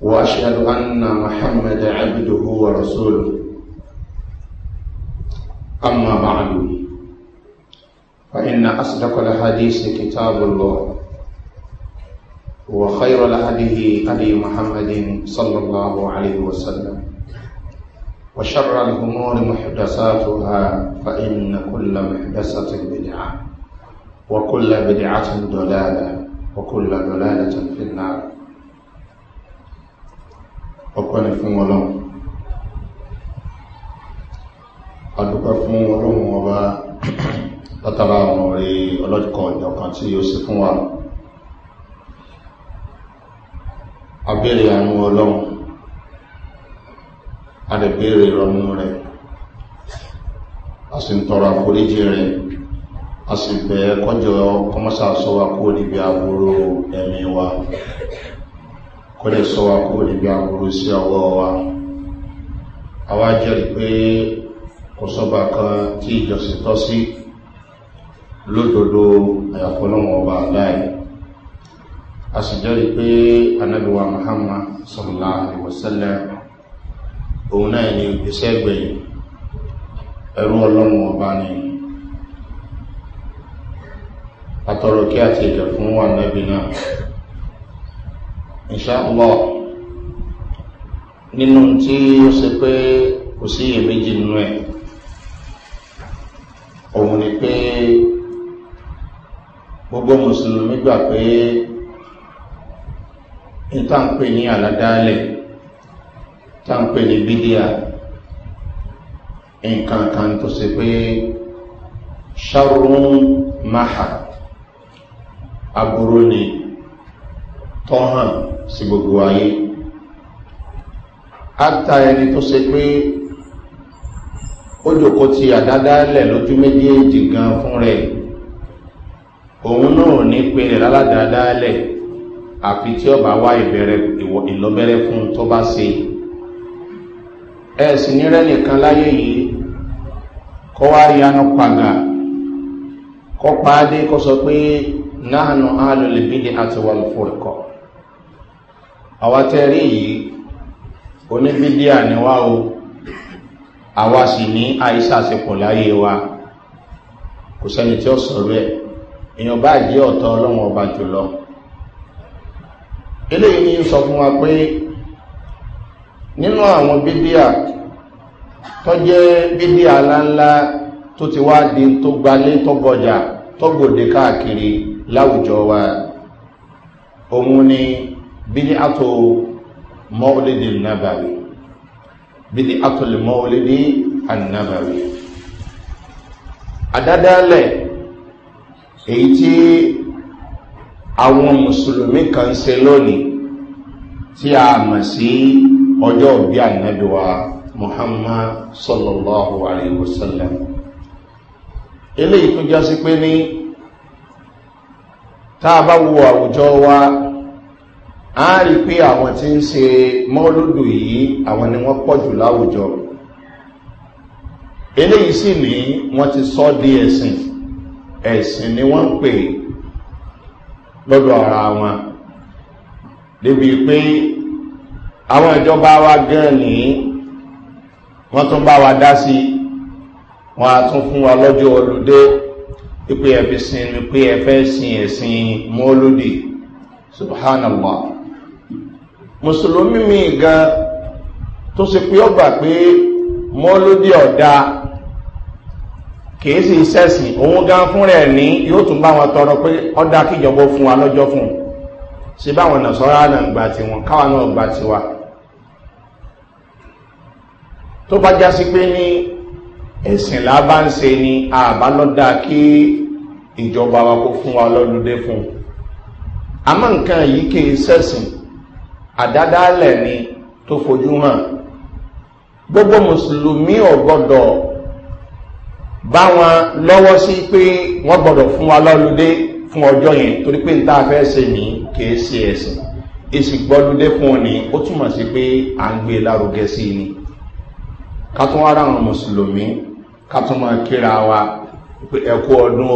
واشهد ان محمدا عبده ورسوله اما بعد فان اصدق الحديث كتاب الله وخير الهدي هدي محمد صلى الله عليه وسلم وشر الامور محدثاتها فان كل محدثه بدعه وكل بدعه ضلاله وكل ضلاله في النار ọpẹ́ ni fún ọlọ́run adúpẹ́ fún ọlọ́run ọba látara àwọn ọ̀rẹ́ ọlọ́dìkọ̀ ìjọkan tí yóò sí fún wa abẹ́rẹ̀ àánú ọlọ́run adẹ̀bẹ̀rẹ̀ ìrọ̀nú rẹ̀ a sì ń tọrọ àforíjì rẹ̀ a sì bẹ̀ẹ́ kọjọ kọmọ́sà sọ wa kó níbi àbúrò ẹ̀mí wa kọ́lẹ̀ sọ wa kó níbi àwòrò sí ọwọ́ wa àwá jẹ́rì pé kò sọ́bà kan tí ìjọsìn tọ́ sí lódòdó àyàfọ́lọ́wọ́ ọba láì a sì jẹ́rì pé anábíwa muhammad sọ̀rọ̀lá àríwọ̀sẹ́lẹ̀ òun náà ni ìgbésẹ́ gbẹ̀yìn ẹ̀rú ọlọ́run ọba ni àtọ̀rọ̀ àti ìjọ fún wà náà inṣàlọ́ nínú tí ó ṣe pé kò sí iyèméjì nínú ẹ̀ òun ni pé gbogbo mùsùlùmí gbà pé ìtànpé ní àládálẹ̀ tànpé ní bídíà nǹkan kan tó ṣe pé ṣarun maha aburú ni tọ́hàn sí gbogbo ayé áta ẹni tó ṣe pé ó jòkó ti àdádálẹ̀ lójú méjèèjì gan fún rẹ̀ òun náà ní pé rẹ̀ láládàádálẹ̀ àfi tí ọba wá ìlọ́bẹ̀rẹ̀ fún tó bá se ẹ̀sìn nírẹ́ nìkan láyé yìí kọ wá yanu pàgà kọ́ pàdé kọ́ sọ pé náà nù alùlẹ̀bídì àti wàlúfòrìkọ́ àwa tẹ́rí yìí oníbídíà ni wá o àwa sì ní àìsàsepọ̀ láyé wa kò sẹ́ni tí ó sọ̀rọ̀ ẹ̀ èèyàn bá jẹ́ ọ̀tọ̀ ọlọ́run ọba jùlọ eléyìí ní sọ fún wa pé nínú àwọn bídíà tó jẹ́ bídíà aláńlá tó ti wá di tó gbalé tó gbọjà tó gbòdè káàkiri láwùjọ wa òun ni bídíàtò mọ́wúlídì nàbàwí bídíàtò lè mọ́wúlídì ànàbàwí àdádálẹ̀ èyí tí àwọn mùsùlùmí kan se lónìí tí a mọ̀ sí ọjọ́ bí ànàbíwá muhammad sallallahu alayhi wa sallam eléyìí tó jásí pé ní tá a bá wo àwùjọ wa a rí pé àwọn tí ń se mọ́lódò yìí àwọn ni wọ́n pọ̀jù láwùjọ eléyìí sì ní wọ́n ti sọ́ di ẹ̀sìn ẹ̀sìn ni wọ́n ń pè lọ́dọ̀ ara wọn débi pé àwọn ìjọba wa gan ní wọ́n tún bá wa dá sí wọ́n a tún fún wa lọ́jọ́ olùdé pípé ẹ̀fẹ́ sin pé ẹ̀fẹ́ sin ẹ̀sìn mọ́lódì subhanallah mùsùlùmí mi gan tó ṣe pé ó gbà pé mọ́lódì ọ̀dà kìí sì sẹ́sìn òun gan fún rẹ̀ ní yóò tún bá wọn tọrọ pé ọ̀dà kíjọba fún wa lọ́jọ́ fún ṣe báwọn nàṣọ́rà náà gbà tiwọn káwọn náà gbà tiwa tó bá jásí pé ní ẹ̀sìn lábá ni àbá lọ́dà kí ìjọba wa kó fún wa lọ́dúndé fún àmọ́ nǹkan yìí kìí sẹ́sìn àdádálẹ̀ ni tó fojú hàn gbogbo mùsùlùmí ọ̀gbọ́dọ̀ bá wọn lọ́wọ́ sí pé wọ́n gbọ́dọ̀ fún wa lọ́lùdé fún ọjọ́ yẹn torí pé níta fẹ́ ṣe ní kìí ṣe ẹ̀sìn èsì gbọ́lùdé fún ọ ni ó túmọ̀ sí pé à ń gbé lárugẹ sí ni ká tún wá ráwọn mùsùlùmí ká tún máa kíra wa pé ẹ̀kú ọdún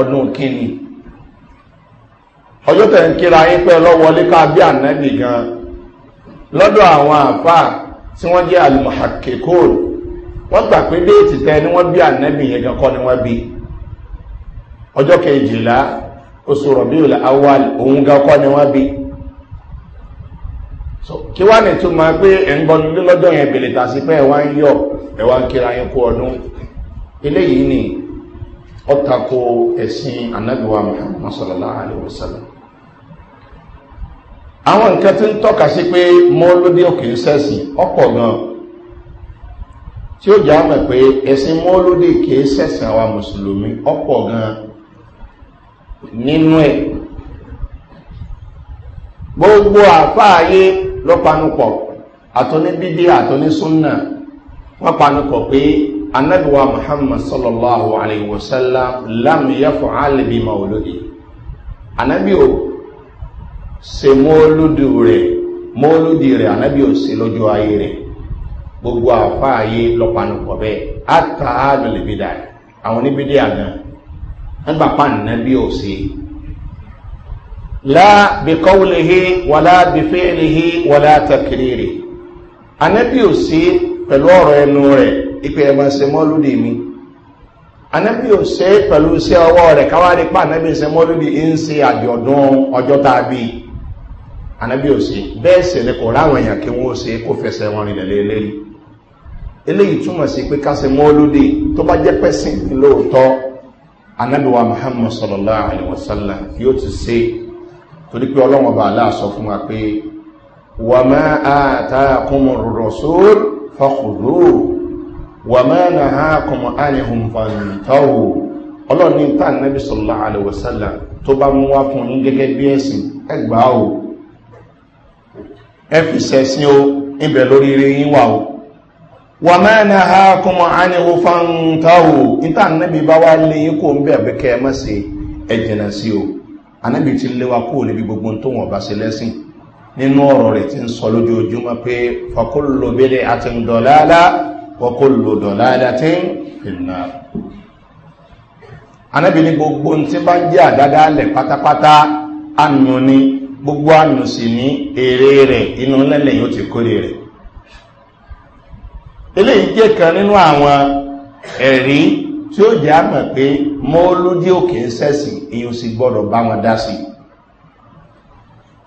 ọdún kínni ọjọ́ tẹ̀ ń kíra yín pẹ́ lọ́wọlé ká bí ànábì gan lọ́dọ̀ àwọn àfáà tí wọ́n jẹ́ alimahakekol wọ́n gbà pé déètì tẹ ni wọ́n bí ànábì yẹn gan kọ́ ni wọ́n bí ọjọ́ kejìlá oṣù rọ̀bíù òun gan kọ́ bí kí yọ ń kíra yín kú ọdún eléyìí ni ọ̀tako ẹ̀sìn àwọn nǹkan tí ń tọ́ka sí pé mọ́lódé òkè sẹ́sìn ọ̀pọ̀ gan tí ó já mọ̀ pé ẹ̀sìn mọ́lódé kìí sẹ́sìn àwa mùsùlùmí ọ̀pọ̀ gan nínú ẹ̀ gbogbo àfáàyé ló panupọ̀ àtọ́ní bíbí àtọ́ní súnà wọ́n panupọ̀ pé anábìwá muhammad sallallahu alayhi wa sallam lam yẹ fún alibi mọ́lódé anábìwá se mọ́lódì rẹ̀ mọ́lódì rẹ̀ ànábì òsè lọ́jọ́ ayé rẹ̀ gbogbo àfa ayé lọ́panupọ̀ bẹ́ẹ̀ àtà àdùlẹ̀bídà àwọn oníbídì àgàn nígbà pa ànábì òsè láà bìkọ́wùlẹ̀hẹ́ wàlá bìfẹ́ẹ̀lẹ̀hẹ́ wàlá tàkìrìrì ànábì òsè pẹ̀lú ọ̀rọ̀ ẹnu rẹ̀ ìpè ẹ̀mọ̀ se mọ́lódì mi anabi ò ṣe pẹ̀lú iṣẹ́ ọwọ́ rẹ̀ káwá anabi ṣe mọ́lódì ń ṣe àjọ̀dún ọjọ́ tá anábí ò sí bẹ́ẹ̀ sì ni kò ráwọn èèyàn kí wọ́n ṣe kó fẹsẹ̀ wọn rìn lẹ́lẹ́ lérí eléyìí túmọ̀ sí pé káṣe mọ́ lóde tó bá jẹ́ pẹ́sìn lóòótọ́ anábí wa muhammad sallallahu alayhi wa sallam yóò ti ṣe torí pé ọlọ́wọ́n bá aláà sọ fún wa pé wà máa àtàkùnmọ̀ rọ̀sọ́ọ́ fọkùnrò tó bá mú wá fún yín gẹ́gẹ́ bí ẹ̀sìn ẹgbàá ẹ fi sẹ̀sìn o ibẹ̀ lórí ire yín wà o wà máa ní ha kọmọ ánìwò fáńtáwò níta ànábì bá wá lé yín kó ń bẹ̀ bí kẹ́ ẹ má sí o ànábì ti lé wa kó níbi gbogbo tó wọn bá ṣe lẹ́sìn nínú ọ̀rọ̀ rẹ̀ ti ń sọ lójoojúmọ́ pé fọkúlò bẹ́lẹ̀ àti ń dọ̀láàlá fọkúlò dọ̀láàlá ti ń fìnnà ànábì ní gbogbo tí bá jẹ́ àdádálẹ̀ pátápátá ànú ni gbogbo ànù sì ní èrè rẹ̀ inú lẹ́lẹ̀ yóò ti kórè rẹ̀ eléyìí jẹ́ kan nínú àwọn ẹ̀rí tí ó jẹ́ àmọ̀ pé mọ́lódé òkè ń sẹ́sì èyí ò sì gbọ́dọ̀ bá wọn dá sí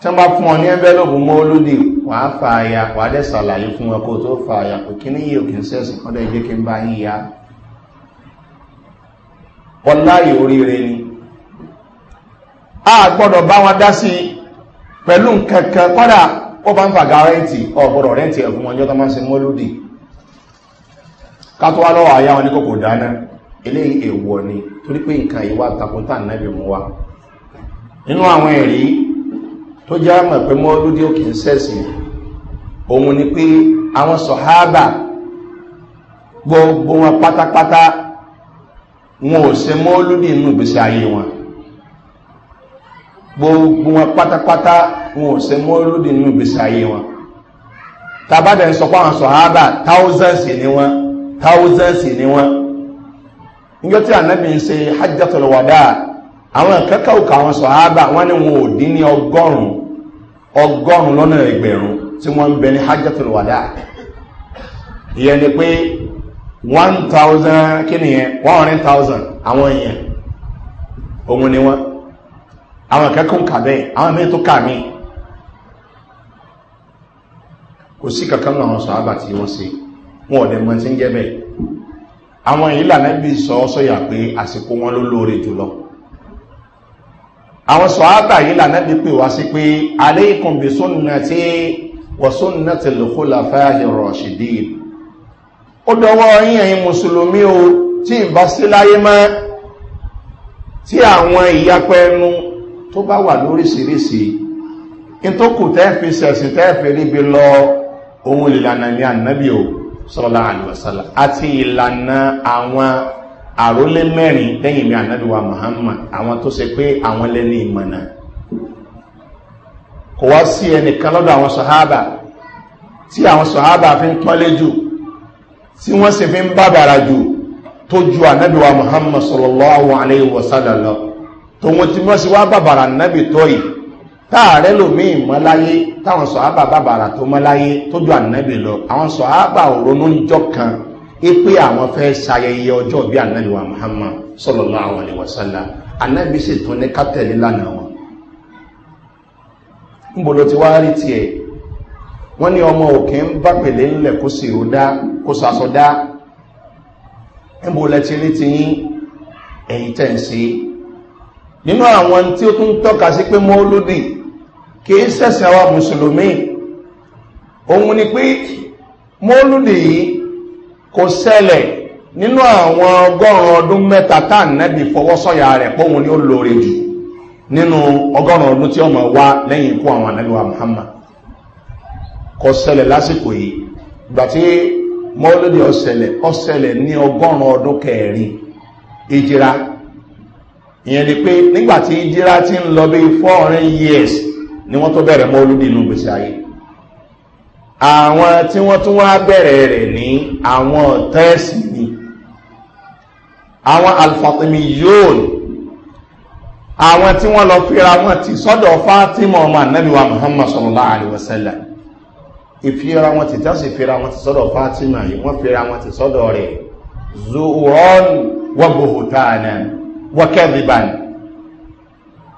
tí wọ́n fún ọ ní ẹ́bẹ́lọ́bù mọ́lódé wàá fa aya wàá dẹ̀ sàlàyé fún wọn tó fa aya kò kí ní òkè ń sẹ́sì kọ́ dẹ̀ kí ń bá yín ya wọ́n láyé oríire ni a gbọ́dọ̀ bá wọn dá sí i pẹ̀lú nkankan kọ́dà ó bá ń fàgá rẹ́ǹtì ọ̀gbọ̀dọ̀ rẹ́ǹtì ẹ̀fún wọn yọ́tọ́ máa ń se mọ́lódì kátó wá lọ́wọ́ àyá wọn ní kòkò dáná eléyìí èèwọ̀ ni torí pé nǹkan yìí wá takuntà nẹ́bì mú wa nínú àwọn ẹ̀rí tó jẹ́ mọ̀ pé mọ́lódì ó kì í sẹ́sì òun ni pé àwọn sọ̀háàbà gbogbo wọn pátápátá wọn ò se mọ́lódì nínú ìgbésí ayé wọn gbogbo wọn pátápátá wọn se mọ́lódì nínú ìgbésí ayé wọn tàbádẹ̀ ń àwọn sọ̀hábà thousands ni wọn thousands ni wọn níjọ́ tí ànábì ń se hajjatolwada àwọn kẹ́kẹ́ àwọn sọ̀hábà ni wọn ò dín ní ọgọ́rùn-ún ọgọ́rùn-ún lọ́nà ẹgbẹ̀rún tí wọ́n ń bẹ ni pé one thousand kí one hundred thousand àwọn èèyàn òun ni wọn àwọn akẹ́kọ̀ọ́ kà bẹ́ẹ̀ àwọn mẹ́rin tó kà kò sí kankan náà wọn sọ̀hábà tí wọ́n se wọn ọ̀dẹ̀ mọ́ tí ń jẹ́ bẹ́ẹ̀ àwọn èyí lànà bí sọ sọ́yà pé àsìkò wọn ló lóore jùlọ àwọn sọ̀hábà yìí lànà bí pè wá sí pé alẹ́ ìkùnbí sónà tí wọ́n sónà tí lòkó làfẹ́ àhìrọ̀ ṣìdí ó dọwọ́ yín ẹ̀yin mùsùlùmí o tí ìbá sí láyé mọ́ tí àwọn ìyapẹ́ ẹnu tó bá wà lóríṣiríṣi ní tó kù tẹ́ẹ̀fì sẹ̀sìn tẹ́ẹ̀fì ríbi lọ ohun ìlànà ní ànábì o sọ́lá àlùwàsálà àti ìlànà àwọn àrólé mẹ́rin lẹ́yìn mi ànábì wa muhammad àwọn tó ṣe pé àwọn lẹ́ni ìmọ̀nà kò wá sí ẹnìkan lọ́dọ̀ àwọn sọ̀háàbà tí àwọn sọ̀háàbà fi ń pọ́lé jù tí wọ́n sì fi ń bàbàrà jù tó ju ànábì wa muhammad sọ̀rọ̀ lọ́wọ́ àlẹ́ ìwọ̀sálà lọ tòun tí wọ́n sì wá bàbàrà ànábì tó yìí táàrẹ́ lòmí ìmọ́láyé táwọn sọ̀hábà bàbàrà tó mọ́láyé tó ju ànábì lọ àwọn sọ̀hábà òrónú níjọ́ kan ipe àwọn fẹ́ ṣayẹyẹ ọjọ́ bí ànábì wa muhammad sọlọ́lá àwọn àlewàsálà ànábì sì tún ní kátẹ́lì lánàá wọn. níbolo ti wá rí tiẹ̀ wọ́n ní ọmọ òkè ń bá pèlè ńlẹ̀ kó sì ó dá kó sàṣọ dá níbolo ti rí tiyín ẹ̀yìn tẹ̀ ń ṣe nínú àwọn tí ó tún tọ́ka sí pé mọ́ olódì kìí sẹ̀sẹ̀ àwọn mùsùlùmí òun ni pé mọ́lúdì yìí kò sẹlẹ̀ nínú àwọn ọgọ́rùn ọdún mẹ́ta tá nẹ́bì fọwọ́sọ̀yà rẹ̀ pọ́hun ni ó lóore jù nínú ọgọ́rùn ọdún tí ọmọ wá lẹ́yìn ikú àwọn anẹ́lúwà muhammad kò sẹlẹ̀ lásìkò yìí tí ọ̀sẹ̀lẹ̀ ọ̀sẹ̀lẹ̀ ní ọgọ́rùn ọdún kẹrin ìjìra ìyẹn ni pé nígbà tí years ni wọ́n tó bẹ̀rẹ̀ mọ́ olúdí inú gbèsè ayé àwọn tí wọ́n tún wá bẹ̀rẹ̀ rẹ̀ ní àwọn tẹ́ẹ̀sì ni àwọn alfatimi yóò àwọn tí wọ́n lọ fira wọn ti sọ́dọ̀ fátímọ̀ ọmọ anábíwá muhammad sallallahu alaihi ìfira wọn ti tẹ́sì fira wọn ti sọ́dọ̀ fátímọ̀ yìí wọ́n fira wọn ti sọ́dọ̀ rẹ̀ zuhron wọ́gbòhùtánà wọ́kẹ́bíbánì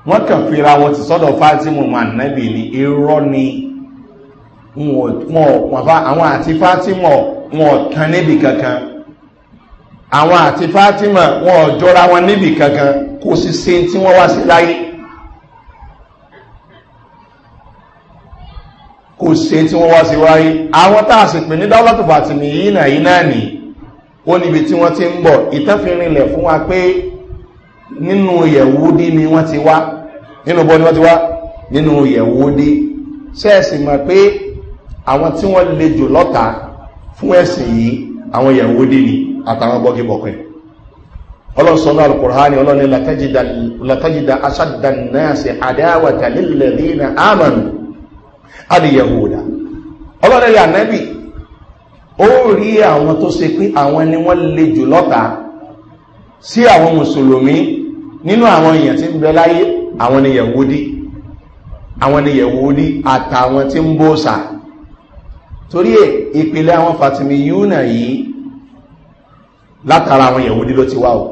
wọ́n kàn fira wọn ti sọ́dọ̀ fátìmù mànẹ́bì ni irọ ni àwọn àti fátìmù wọn kan níbi kankan àwọn àti fátìmù wọn jọra wọn níbi kankan kò sí se tí wọ́n wá sí láyé kò se tí wọ́n wá sí láyé àwọn tá a sì pè ní dọ́lọ́tù fàtìmù ti ń fún wa pé nínú nínú bọ́ ni wọ́n ti wá nínú yẹ̀wò dé sẹ́ẹ̀sì mọ̀ pé àwọn tí wọ́n le jò lọ́ta fún ẹ̀sìn yìí àwọn yẹ̀wò dé ni àtàwọn bọ́gí bọ̀kẹ́ ọlọ́sọ̀nà alukùrhánì ọlọ́ni latajida aṣadda náà sí adáwàtà lílẹ̀ nínú àmàlù adìyẹ̀wòdà ọlọ́ni lànàbì ó rí àwọn tó se pé àwọn ni wọ́n le jù lọ́ta sí àwọn mùsùlùmí nínú àwọn èèyàn tí ń bẹ láyé àwọn ni yẹ̀wúdí àwọn ni yẹ̀wúdí àtàwọn tí ń bóòsà torí ẹ̀ ìpìlẹ̀ àwọn fatimi yúnà yìí látara àwọn yẹ̀wúdí ló ti wá o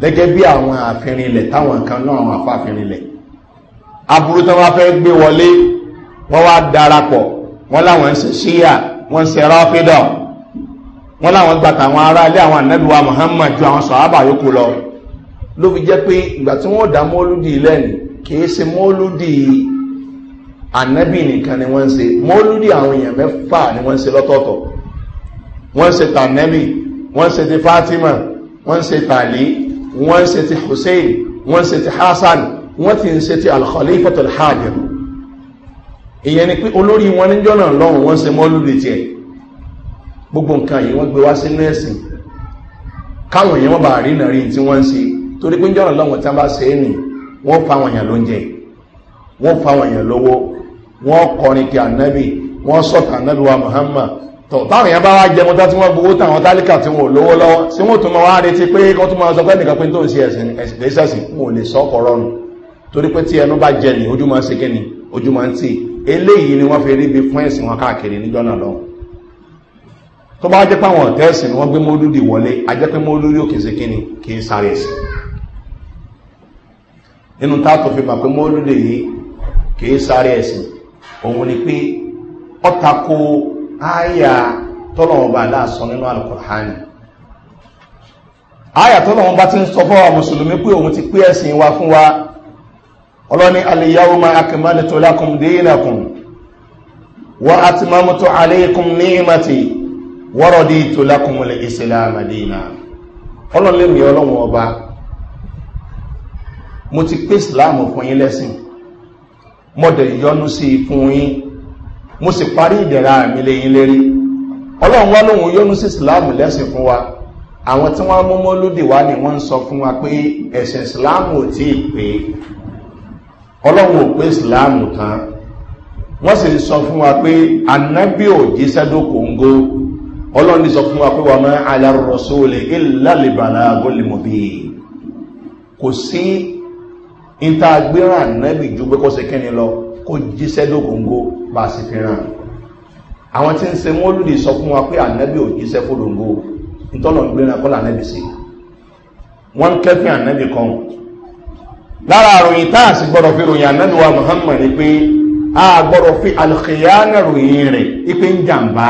gẹ́gẹ́ bí àwọn àfihàn ilẹ̀ táwọn kan náà àwọn afáfihàn ilẹ̀ aburú tó wá fẹ́ gbé wọlé wọ́n wá darapọ̀ wọ́n láwọn ń ṣe ṣíyà wọ́n ṣe ráfídọ̀ wọ́n láwọn gbàtà àwọn ará àwọn ànábìwá muhammad àwọn sọ̀hábà yòókù lọ ló fi jẹ́ pé ìgbà tí wọ́n dá mọ́lúdì lẹ́nu kìí ṣe mọ́lúdì ànábì nìkan ni wọ́n ń ṣe mọ́lúdì àwọn èèyàn mẹ́fà ni wọ́n ń ṣe lọ́tọ̀ọ̀tọ̀ wọ́n ń ṣe tànẹ́bì wọ́n ń ṣe ti fatima wọ́n ń ṣe tàlí wọ́n ń ṣe ti hussein wọ́n ń ṣe ti hasan wọ́n ti ń ṣe ti alkhalifatul alhaji ìyẹn ni pé olórí wọn níjọ́ náà lọ́rùn wọ́n ń mọ́lúdì tiẹ̀ gbogbo nǹkan yìí wọ́n gbé wá sínú ẹ̀sìn káwọn èèyàn bá rí nàrí tí wọ́n ń ṣe torí pé ń jọ̀rọ̀ lọ́wọ́ tí wọ́n bá ṣe é nì wọ́n fa àwọn èèyàn lóúnjẹ wọ́n fa àwọn èèyàn lówó wọ́n kọrin kí ànábì wọ́n sọ̀tà ànábì wa muhammad tọ̀ táwọn èèyàn bá wá jẹ mọ́tá tí wọ́n gbowó táwọn tálíkà tí wọ́n tó bá ni ojú máa ni wọ́n fi rí bí fún ẹ̀sìn wọn káàkiri níjọ́ náà lọ́wọ́ tó bá jẹ́ pé àwọn ọ̀tẹ́ẹ̀sìn ni wọ́n gbé mọ́lúdì wọlé a jẹ́ pé mọ́lúdì ò kìí ṣe kí ni kìí sáré ẹ̀sìn nínú táàtò fi màpé mọ́lúdè yìí kìí sáré ẹ̀sìn òun ni pé ọ́tako áyà tọ́lọ̀wọ̀n bá nínú alukọ̀hánì áyà tọ́lọ̀wọ̀n ti ń sọ fọ́wà mùsùlùmí pé òun ti pé ẹ̀sìn wa fún wa ọlọ́ni aliyahu ma akimani wa ọba mo ti pé islam fún yín lẹ́sìn mo dẹ̀ yọnu sí i fún yín mo sì parí ìdẹ̀ra mi léyìn lérí ọlọ́run wá lóhun yọnu sí islam lẹ́sìn fún wa àwọn tí wọ́n mọ́mọ́ lóde wá ni wọ́n ń sọ fún wa pé ẹ̀sìn islam ò tí ì pé ọlọ́run ò pé islam tán wọ́n sì sọ fún wa pé anábì ò jíṣẹ́ dókòǹgó ọlọ́run ti sọ fún wa pé wà máa alárọ̀sọ́ lè ilá lè agolimobi kò sí ìta gbéra nẹ́bì ju pé kó se kíni lọ kó jíṣẹ́ lógóngó bá a sì fi ràn àwọn tí ń se mọ́lùdì sọ fún wa pé ànẹ́bì ò jíṣẹ́ fòlóngó ìtọ́nà gbéra kọ́ là sí wọ́n kẹ́fìn ànẹ́bì kan lára àròyìn tá a sì gbọ́dọ̀ fi ròyìn ànẹ́bì wa muhammad ni pé a gbọ́dọ̀ fi alkiyana ròyìn rẹ̀ ipe ń jàǹbá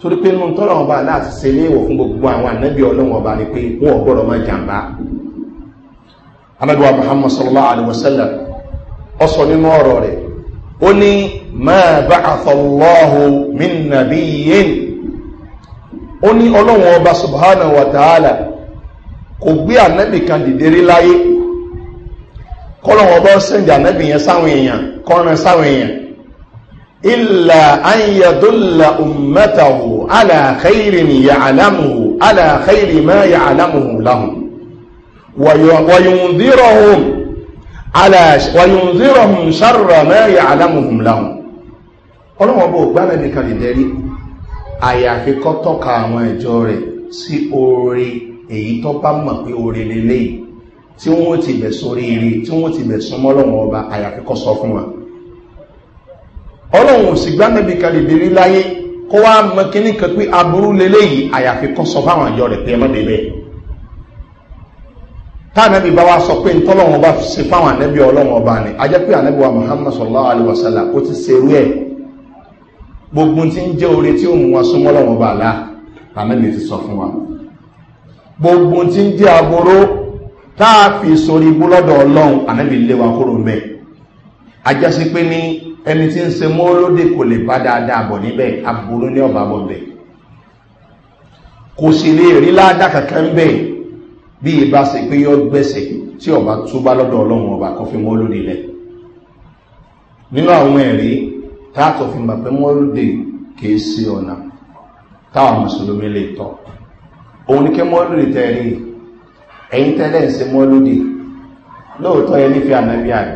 torí pé nínú tọ́lọ̀ ọba aláàtì se léèwọ̀ fún gbogbo àwọn ànẹ́bì ọlọ́wọ̀n ọba ni pé wọ́n gbọ́dọ̀ máa jàǹbá anabiwa muhammad sallallahu alaihi wasallam ọ sọ nínú ọ̀rọ̀ rẹ̀ ó ní máa bá àtọ̀lọ́hù min nàbí yìí ó ní ọlọ́run ọba subhana wa ta'ala kò gbé ànábì kan dìde rí láyé kọ́lọ́run ọba sẹ́ndì ànábì yẹn sáwọn èèyàn kọ́rin sáwọn èèyàn ilà ayédọ́là ummatahu aláàkẹ́rì ni yà alámùhù aláàkẹ́rì máa yà alámùhù láhùn wàyùnzírọ̀hùn wàyùnzírọ̀hùn sára mẹ́rin alámùhùn láhùn ọlọ́wọ́n bó gbá nàbí kan ìdẹ́rí àyàfi kọ́ tọ́ka àwọn ìjọ rẹ̀ sí oore èyí tó bá mọ̀ pé oore lélẹ́yìí tí wọ́n ti bẹ̀ sórí ire tí wọ́n ti bẹ̀ súnmọ́ lọ́wọ́n tánàbí bá wá sọ pé ntọ́lọ́wọ́n bá ṣe fáwọn ànẹ́bí ọlọ́wọ́n ọba ni a pé ànẹ́bí wa muhammad sallallahu alaihi wasallam ó ti ṣerú ẹ̀ gbogbo tí ń jẹ́ orí tí ó mú wa súnmọ́ lọ́wọ́n ọba àlá ànẹ́bí ti sọ fún wa gbogbo tí ń jẹ́ agboro tá a fi ọlọ́run ànẹ́bí lé wa kúrò ń bẹ̀ a sí pé ní ẹni tí ń se mọ́lódé kò lè bá dáadáa bọ̀ níbẹ̀ aburú ní ọ̀bà bẹ̀ kò sì lè rí ládàá kankan bẹ́ẹ̀ bí ìbá se pé yọ gbẹ̀sẹ̀ tí ọba túbá lọ́dọ̀ ọlọ́run ọba kan fi wọ́n lóde lẹ̀ nínú àwọn ẹ̀rí táàtọ̀ fi mọ̀ pé wọ́n lóde kìí sí ọ̀nà táwọn mùsùlùmí lè tọ́ òun ni kí wọ́n lóde tẹ̀rí ẹ̀yìn tẹ́lẹ̀ ń se wọ́n lóde lóòótọ́ ẹ nífẹ̀ẹ́ ànábì àrẹ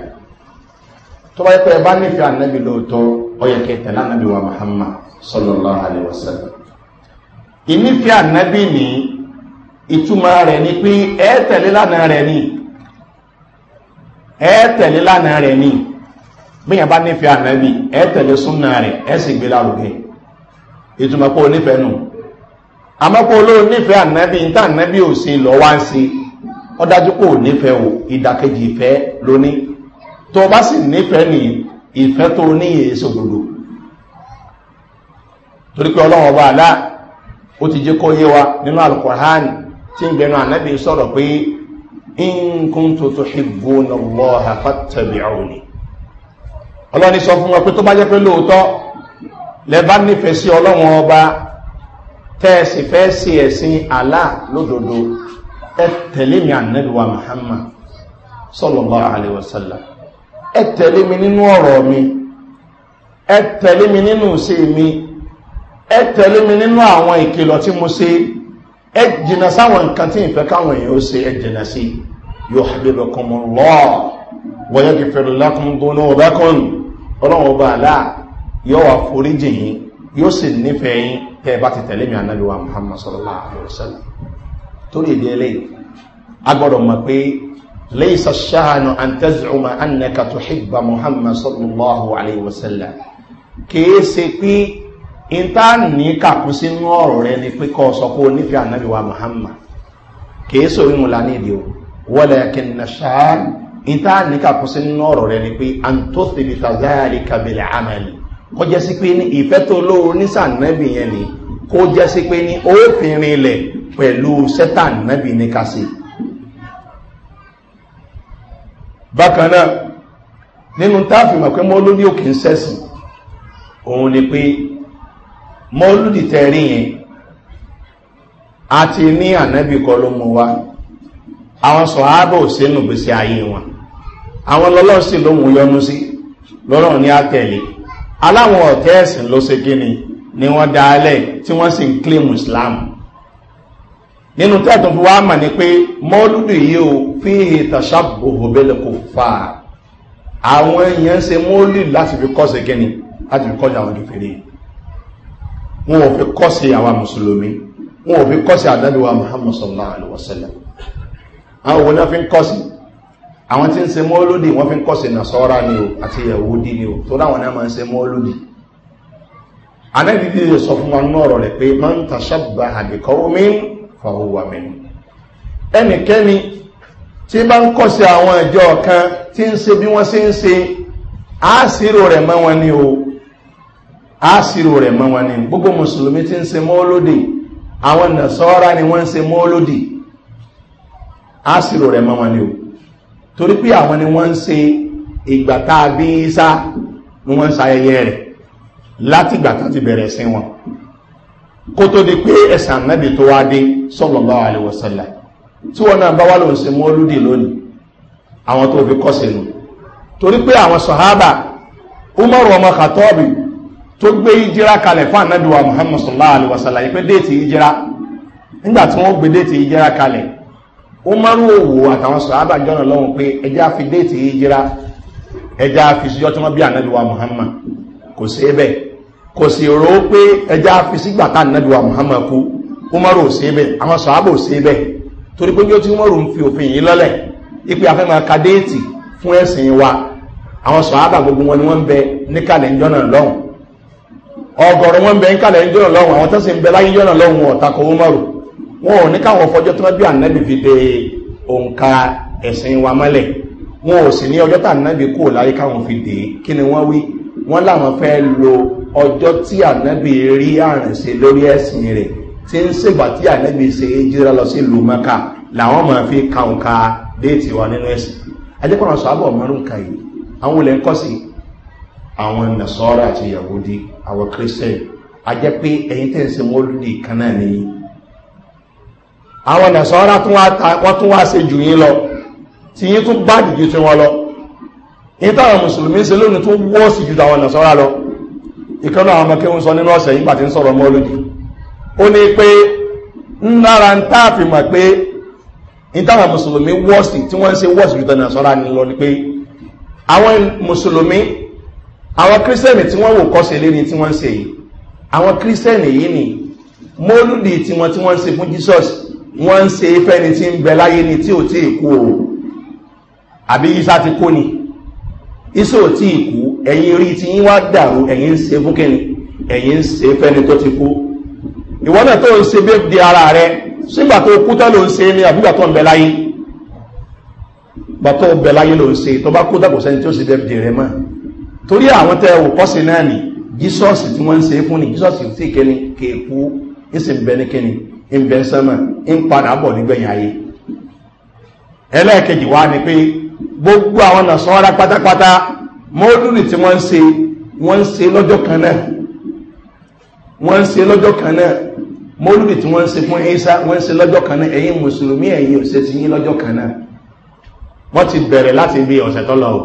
tó bá yẹ pé ẹ bá nífẹ̀ẹ́ ànábì lóòótọ́ ọyẹ kẹtẹ lánàbì wa muhammad sallallahu alayhi wa sallam ìnífẹ̀ẹ́ ànábì nìyí ìtumọ̀ rẹ̀ ni pé ẹ tẹ̀lé lánà rẹ̀ ni ẹ tẹ̀lé lánà rẹ̀ ni bíyàn bá nífẹ̀ẹ́ ànábì ẹ tẹ̀lé súnà rẹ̀ ẹ sì gbé lárugẹ ìtumọ̀ nù nífẹ̀ẹ́ ànábì ọ dájú o ìdàkejì ìfẹ́ tó o bá sì nífẹ̀ẹ́ ní ìfẹ́ tó o ní èso gbogbo torí pé ọlọ́run ọba àlá ó ti tí ń bẹnu ànábì sọ̀rọ̀ pé nǹkan tuntun ṣìgbó na wọ́ àfàtẹ̀bí ọ̀rùn ọlọ́ni sọ fún wọn pé tó bá jẹ́ pé lóòótọ́ lẹ́bá nífẹ̀ẹ́ sí ọlọ́wọ́n ọba tẹ́ẹ̀sì fẹ́ sí ẹ̀sìn àlá lódodo ẹ tẹ̀lé mi ànábì wa muhammad nínú ọ̀rọ̀ mi ẹ nínú ìṣe mi ẹ nínú àwọn ìkìlọ̀ tí mo ṣe ẹ jìnà sáwọn nǹkan tí ìfẹ́ káwọn èèyàn ó se ẹ jìnà sí yóò hàbíbẹ̀ kọmọ lọ wọ́yẹ́ kì fẹ́rẹ̀ lákùn gbóná ọba kan ọlọ́run ọba àlá yóò wà foríjì yín yóò sì nífẹ̀ẹ́ yín tẹ́ bá ti tẹ̀lé mi ànábi wa muhammad sallallahu ìta ní kàkún sínú ọ̀rọ̀ rẹ ni pé kọ́ sọ pé onífẹ́ ànábìwá muhammad kìí sórí mú lánìí ìdí o wọ́lẹ̀ kìnnà ṣáàl ìta ní kàkún sínú ọ̀rọ̀ rẹ ni pé antosiri tazari kabila amali kó jẹ́ sí pé ní ìfẹ́ tó lóoru ní sànábì yẹn ni kó jẹ́ sí pé ní òfin rinlẹ̀ pẹ̀lú sẹ́tànábì ní kásì. bákan náà nínú táàfin mọ̀ pé mo lórí òkè ń sẹ́sìn òun ni pé mọ́lúdì tẹ̀rí yẹn àti ní ànábì kọ ló mú wa àwọn sọ̀hábà ò sínú gbèsè ayé wọn àwọn lọ́lọ́run sì lóhun yọnu sí lọ́rọ̀ ní àtẹ̀lé aláwọn ọ̀tẹ́ ló ṣe kíni ni wọ́n dá alẹ́ tí wọ́n sì ń claim islam nínú tẹ́ẹ̀tún fún wa mà ní pé mọ́lúdì yìí ò fi ìtàṣà bòbò bẹ́lẹ̀ kò fà àwọn èèyàn ṣe mọ́lúdì láti fi kọ́ ṣe kíni láti fi kọ́ ṣe àwọn kìfèrè yìí wọn ò fi kọ́ sí àwa mùsùlùmí wọn ò fi kọ́ sí àdábíwá muhammad sallallahu alaihi wasallam àwọn òun náà fi ń kọ́ sí àwọn tí ń se mọ́lódì wọ́n fi ń kọ́ sí nasọ́ra ni o àti yahudi ni o tó dáwọn náà máa ń se mọ́lódì anábì bí ó sọ fún wa nínú ọ̀rọ̀ rẹ̀ pé máa ń tàṣàbà àbíkọ́ omi fàwọ́wà mi ẹnikẹ́ni tí bá ń kọ́ sí àwọn ìjọ kan tí ń se bí wọ́n se ń se àásìrò rẹ̀ mọ́ wọn ni o àásìrò rẹ̀ mọ́ wọn ni gbogbo mùsùlùmí ti ń se mọ́lódì àwọn nàṣọ́ra ni wọ́n se mọ́lódì àásìrò rẹ̀ mọ́ wọn ni o torí pé àwọn ni wọ́n se ìgbà tá a bí sá ni wọ́n ń sayẹyẹ rẹ̀ láti ìgbà tó ti bẹ̀rẹ̀ sí wọn kó tó di pé ẹ̀sà nábì tó wá dé sọ́lọ́lá àlewọ̀sọ́lá tí wọ́n náà bá wà lóun se mọ́lódì lónìí àwọn tó fi kọ́ sínú torí pé àwọn sọ̀hábà umaru ọmọ kàtọ́ọ̀bì tó gbé ìjírá kalẹ̀ fún ànábíwá muhammad sallallahu alaihi wasallam pé déètì ìjírá nígbàtí wọ́n gbé déètì ìjírá kalẹ̀ ó márùn òwò àtàwọn sàábà jọ́nà lọ́wọ́ pé ẹjá fi déètì ìjírá ẹjá fi síjọ́ tí wọ́n bí muhammad kò sí kò rò ó pé ẹjá fi sígbà tá muhammad kú ó márùn àwọn sí torí pé bí ó ti fi òfin ọgọ̀rọ̀ wọn bẹ ń kàlẹ̀ ń jọ́nà lọ́wọ́ àwọn tẹ́sí ń bẹ láyé jọ́nà lọ́wọ́ ọ̀tàkọ̀ owó márùn wọn ò ní káwọn fọjọ́ tó bí ànábì fi de òǹkà ẹ̀sìn wa mọ́lẹ̀ wọn ò sì ní ọjọ́ tá ànábì kúrò láyé káwọn fi dè kí ni wọ́n wí wọ́n láwọn fẹ́ lo ọjọ́ tí ànábì rí àrùn sí lórí ẹ̀sìn rẹ̀ tí ń ṣègbà tí ànábì ṣe é jíra lọ sí ìlú mẹ́ka làwọn máa fi ka òǹkà déètì wa nínú ẹ̀sìn ajẹ́kọ̀ọ́ sọ àbọ̀ mẹ́rùn-ún àwọn olè ń kọ́ sí àwọn nàṣọ́rọ̀ àti yahudi àwọn christian ajẹ́ pé ẹ̀yin tẹ́ ń se mọ́lúdì kan náà ni àwọn nàṣọ́ra wọ́n tún wá se jù yín lọ tí yín tún bá jù tí wọ́n lọ yín táwọn mùsùlùmí se lónìí tún wọ́ sí jù táwọn nàṣọ́ra lọ ìkan náà ọmọ kéwọn sọ nínú ọ̀sẹ̀ yín pàtí ń sọ̀rọ̀ mọ́lúdì ó ní pé ńlára ń táàfin mọ̀ pé yín táwọn mùsùlùmí wọ́ sí tí wọ́n ń se wọ́ sí jù táwọn nàṣọ́ra ni lọ ni pé àwọn mùsùlùmí àwọn kírísítẹ́nì tí wọ́n wò kọ́sẹ̀ lérí tí wọ́n ń se yìí àwọn kírísítẹ́nì yìí ni mólúdì tí tí wọ́n ń se fún jesus wọ́n ń se fẹ́ni tí ń bẹ láyé ni tí ò tí ì kú o àbí isa ti kú ni isa ò tí ì kú ẹ̀yin rí tí yín wá dàrú ẹ̀yin ń se fún kíni ẹ̀yin ń se fẹ́ni tó ti kú ìwọ náà tó ń se bí di ara rẹ sígbà tó kú tán ló ń se ni àbígbà tó ń bẹ láyé gbàtọ́ bẹ láyé ló ń se tó bá kú dàgbò sẹ́ni sì bẹ́ẹ̀ di rẹ mọ́ torí àwọn tẹ́ wò kọ́sì náà ni jesus tí wọ́n ń se fún ni jesus tí kẹni kéèkú ìsìn bẹni kẹni ìbẹ̀nsẹ́mọ̀ ń padà bọ̀ nígbẹ̀yìn ayé ẹlẹ́ẹ̀kejì wá ni pé gbogbo àwọn nàṣọ́ra pátápátá mọ́dúnì tí wọ́n ń se wọ́n ń se lọ́jọ́ kan náà wọ́n ń se lọ́jọ́ kan náà mọ́lúdì tí wọ́n ń se fún ẹ́sá wọ́n ń se lọ́jọ́ kan náà ẹ̀yìn mùsùlùmí ẹ̀yìn òṣèṣì lọ́jọ́ kan náà wọ́n ti bẹ̀rẹ̀ láti bí ọ̀sẹ̀ tọ́lọ́wọ́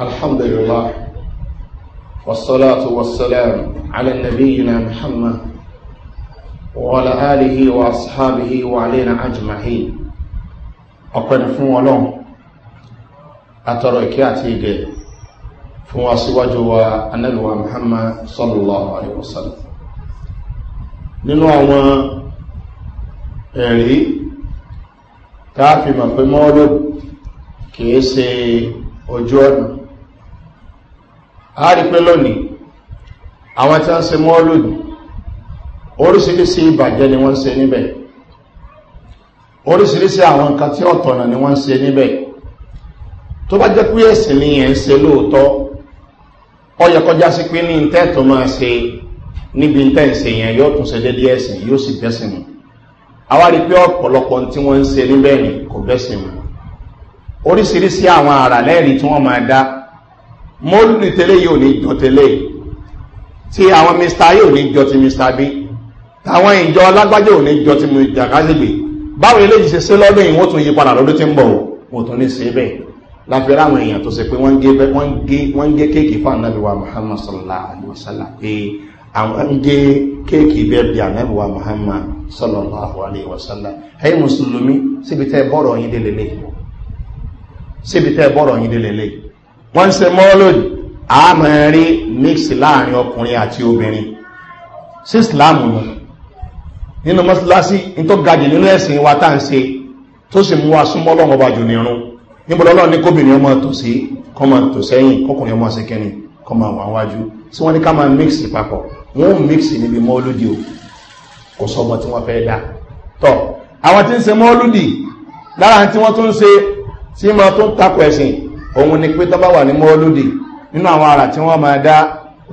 الحمد لله والصلاة والسلام على نبينا محمد وعلى آله وأصحابه وعلينا أجمعين أقول فون ولون أترى كاتيجي فون سواجه النبوة محمد صلى الله عليه وسلم ننوع ẹ̀rí káàfin mọ̀ pé mọ́ọ́lù kìí ṣe ojú a rí pé lónìí àwọn tí wọ́n se mọ́lùdù oríṣiríṣi ìbàjẹ́ ni wọ́n se níbẹ̀ oríṣiríṣi àwọn nǹkan tí ọ̀tọ̀nà ni wọ́n se níbẹ̀ tó bá jẹ́ pé ẹ̀sìn ni ẹ̀ ń se lóòótọ́ ọyẹ kọjá sí pé ní tẹ́ẹ̀tọ́ máa se níbi tẹ́ẹ̀sẹ̀ yẹn yóò tún se dédé ẹ̀sìn yóò sì bẹ́sìn mu àwa rí pé ọ̀pọ̀lọpọ̀ se níbẹ̀ ni kò bẹ́sìn mu oríṣiríṣi àwọn tí wọ́n máa dá mọ́lùdì tẹ́lẹ̀ yóò ní jọ tẹ́lẹ̀ tí àwọn mr a yóò ní jọ ti mr b táwọn ìjọ alágbájọ́ ò ní jọ ti mr kásìgbè báwo eléyìí ṣe ṣe lọ́dún yìí wọ́n tún yí padà lọ́dún tí ń bọ̀ wọ́n tún ní ṣe bẹ́ẹ̀ láfi ráwọn èèyàn tó ṣe pé wọ́n ń gé kéèkì fún anábìwá muhammad sallallahu alayhi wa sallam pé àwọn ń gé kéèkì bẹ́ẹ̀ bí anábìwá muhammad sallallahu alayhi wa sallam ẹ̀yin mùsùlùmí síbi tẹ́ bọ́rọ̀ yín délélé síbi tẹ́ bọ́rọ̀ wọ́n ń se mọ́lòdì àmọ́ rí mix láàrin ọkùnrin àti obìnrin sí ìsìláàmù nù nínú mọ́síláṣí ní tó gajù nínú ẹ̀sìn wa tá à ń se tó sì mú wa súnmọ́ lọ́wọ́ bá jù nírun níbọ̀dọ́ lọ́wọ́ ní kóbìnrin ọmọ tò sí kọ́ máa tò sẹ́yìn kọkùnrin ọmọ sí kẹ́ni kọ́ máa wà wájú wọ́n ní ká máa mix papọ̀ wọ́n ń mix níbi mọ́lòdì o kò sọ́mọ tí wọ́n fẹ́ dá tọ́ àwọn tí ń se mọ́lòdì lára tí wọ́n tún ń se tí wọ́n tún takò ẹ̀sìn òun ni pé tọ́bá wà ní mọ́ọ́lódì nínú àwọn ara tí wọ́n máa dá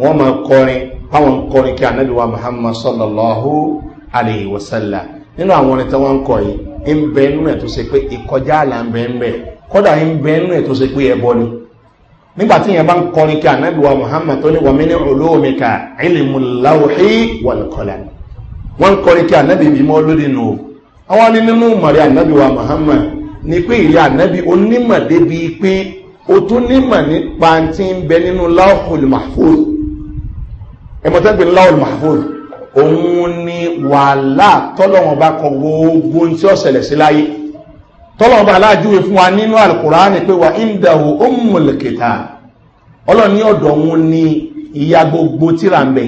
wọ́n máa kọrin báwọn ń kọrin kí anabi wa muhammad sallallahu alayhi wa sallam nínú àwọn orin tí wọ́n ń kọ yìí ń bẹ nínú ẹ̀ tó ṣe pé ìkọjá àlà ń bẹ ń bẹ kọ́dà ń bẹ nínú ẹ̀ tó ṣe pé ẹbọ ni nígbà tí yẹn bá ń kọrin kí anabi muhammad tó ní wàmí ní olóòmìkà ìlìmù láwùhí wàlùkọ́lá wọ́n ń kọrin kí anabi bímọ lórí nù àwọn nínú mọ̀rẹ́ anabi muhammad ni pé ìyá anabi onímọ̀ débi pé o tún nímọ̀ nípa tí ń bẹ nínú láhùl mahfuz ẹmọ̀tẹ́gbẹ̀ láhùl mahfuz òun ni wàhálà tọ́lọ̀wọ̀n bá kọ gbogbo tí ó ṣẹlẹ̀ sí láyé tọ́lọ̀wọ̀n bá aláàjúwe fún wa nínú alkùránì pé wà ìndàwó ó mọ̀lẹ̀kẹta ọlọ́ni ọ̀dọ̀ òun ni ìyá gbogbo tíra ń bẹ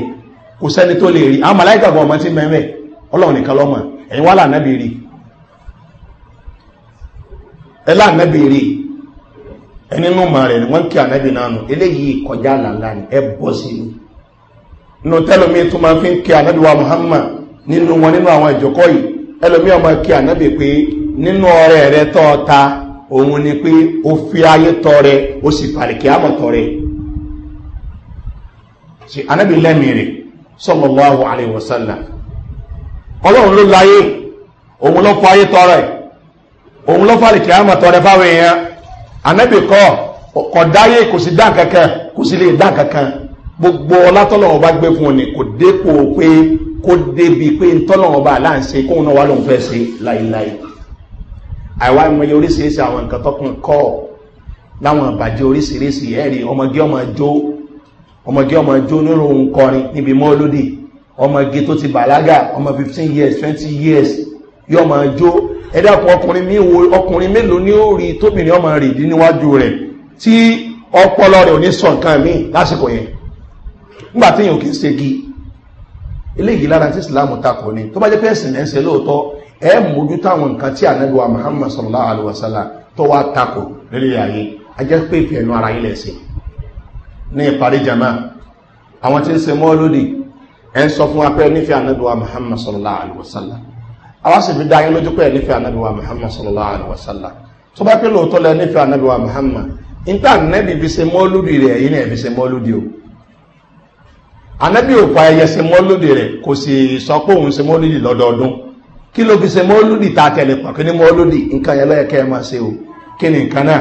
kò sẹ́ni tó lè rí àwọn màláìkàgbọ̀ ọmọ tí mẹ́mẹ́ ọlọ́run nìkan lọ́mọ ẹ̀yin wà lànà bèèrè ẹni nù ma rẹ̀ wọ́n kí anabi nanu nù eléyìí kọjá làlá ni ẹ bọ́ sí ni nù tó máa fi ń kí wa muhammad nínú wọn nínú àwọn ìjọkọ́ yìí ẹlòmí ọmọ kí ànábì pé nínú ọrẹ rẹ tọ́ ta òun ni pé o fi ayé tọrẹ ó sì pàrìkì àmọ̀ tọrẹ sí ànábì lẹ́mìí rẹ̀ sọ́lọ́lọ́wọ́ àríwọ̀sánlá ọlọ́run ló láyé òun ló fọ ayé tọrẹ òun ló fàrìkì anabi kọ kọ dáyé kò sí dán kankan kò sí lè dán kankan gbogbo ọlátọ́lọ̀ ọba gbé fún òní kò dépò pé kó débi pé ntọ́lọ̀ ọba aláǹsẹ kóun náà wà lóun fẹ́ ṣe láéláé àìwá ìmọye oríṣiríṣi àwọn nǹkan tọkùn kọ láwọn àbàjẹ oríṣiríṣi ẹ̀rí ọmọge ọmọ jó ọmọge ọmọ jó nínú òun kọrin níbi mọ́ ọmọge tó ti bàlágà ọmọ fifteen years twenty years yọ máa jó ẹ̀dàkùn ọkùnrin mi wo ọkùnrin mélòó ní ó rí tóbìnrin ọmọ rè dí níwájú rẹ̀ tí ọpọlọ rẹ̀ ò ní sọ nǹkan mi lásìkò yẹn nígbà tí èèyàn kì í ṣegi eléyìí lára tí islam takò ni tó bá jẹ́ pé ẹ̀sìn ẹ̀ ń ṣe lóòótọ́ ẹ̀ mójú táwọn nǹkan tí ànábìwá muhammad sallallahu alayhi wa sallam tó wá takò lórí ayé ajẹ́ pé ìfẹ́ ẹnu ara yín lẹ̀sìn ní ìparí jama àwọn tí ń ṣe mọ́ lódì ẹ̀ ń sọ fún apẹ́ nífẹ̀ẹ́ ànábìwá muhammad sallallahu alayhi wa sallam àwọn sì fi dá yín lójú pé ẹ̀ nífẹ̀ẹ́ anabi wa muhammad sallallahu alayhi wa sallam tó bá pé lóòótọ́ lẹ nífẹ̀ẹ́ anabi wa muhammad níta nẹ́bi fi se mọ́lúdì rẹ̀ èyí náà fi se mọ́lúdì o anabi ò fa ẹyẹ se mọ́lúdì rẹ̀ kò sì sọ pé òun se mọ́lúdì lọ́dọọdún kí ló fi se mọ́lúdì tá a tẹ̀lé pàkí ní mọ́lúdì nǹkan yẹn lọ́yẹ kẹ́ ẹ máa se o kí ni nǹkan náà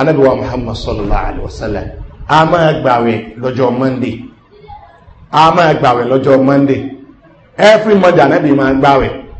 anabi muhammad sallallahu alayhi wa every monday anabi máa gbàwẹ̀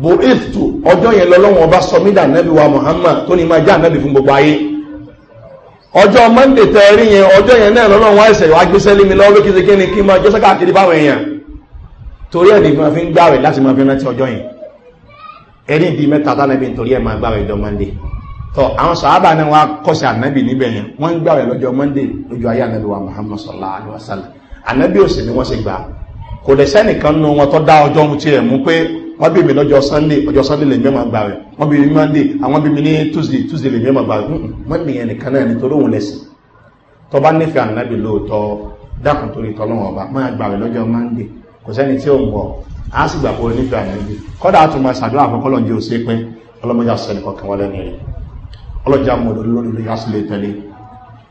bo iftu ọjọ́ yẹn lọ́lọ́wọ́n ọba sọmídà nẹ́bí wa muhammad tó ní máa já nẹ́bí fún gbogbo ayé ọjọ́ monday tẹ̀rí yẹn ọjọ́ yẹn náà lọ́lọ́wọ́n wá ẹsẹ̀ wá gbéṣẹ́ lé mi lọ́wọ́ kí ṣe kí ni kí n máa jọ́sẹ́ káàkiri báwọn èèyàn torí ẹ̀ ní fi máa fi ń gbàwẹ̀ láti máa fi rántí ọjọ́ yẹn ẹni ìdí mẹ́ta tánẹ́bí nítorí ẹ̀ máa gbàwẹ̀ ọjọ́ monday tọ àwọn sàábà náà wá kọ́sẹ̀ ànábì níbẹ̀ yẹn wọ́n ń gbàwẹ̀ lọ́jọ́ monday lójú ayé ànábì wa muhammad sallallahu alaihi wasallam ànábì òsì ni wọ́n ṣe gbà kò dẹ̀ sẹ́nìkan wọ́n bí mi lọ́jọ́ sunday ọjọ́ sunday lè mẹ́mọ̀ gbà rẹ̀ wọ́n bí mi monday àwọn bí mi ní tuesday tuesday lè mẹ́mọ̀ gbà rẹ̀ hmm, hmm. wọ́n ní ẹnì kan náà nítorí òun lẹ́sìn tó bá nífẹ̀ẹ́ ànábì lóòótọ́ dákùn torí tọ́lọ́wọ́n ọba máa gbà rẹ̀ lọ́jọ́ monday kò sẹ́ni tí ò ń bọ̀ á sì gbà pé onífẹ̀ẹ́ ànábì kọ́dà á tún máa ṣàdúrà fún kọ́lọ́njẹ́ òsè pé ọlọ́mọdé àṣẹ nìkan kan wọlé nìyẹn ọlọ́jà mọ̀ òdòdó lórí lórí àṣìlẹ̀ tẹ̀lé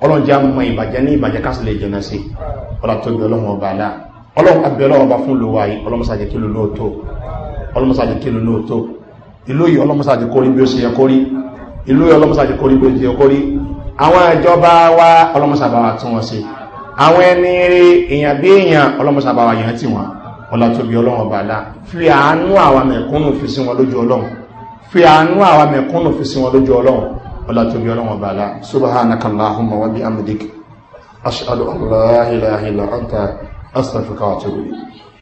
ọlọ́njẹ́ àmọ́ ìbàjẹ́ ní ìbàjẹ́ kásìlẹ̀ jẹ́nà sí ọlá tó gbé ọlọ́run ọba àdá ọlọ́run abẹ́ ọlọ́run ọba fún lówà yìí ọlọ́mọsájẹ́ kí ló lóòótọ́ ọlọ́mọsáàjì kí ló tó ìlú yìí ọlọ́mọsáàjì kórí bí ó ṣe yẹ kórí ìlú yìí ọlọ́mọsáàjì kórí bí ó ṣe yẹ kórí àwọn ìjọba wa ọlọ́mọsáàbáwà tún wọn sí àwọn ẹni rí èèyàn bí èèyàn ọlọ́mọsáàbáwà yẹn tí wọn ọlá tóbi ọlọ́wọ̀n bàdá fi àánú àwa mẹ̀kúnnù fi sí wọn lójú ọlọ́run fi àánú àwa mẹ̀kúnnù fi sí wọn lójú ọlọ́run ọlá tóbi ọlọ́wọ̀n bàdá subhanakallahumma wa bi amdik ashhadu an la ilaha illa anta astaghfiruka wa atubu ilayk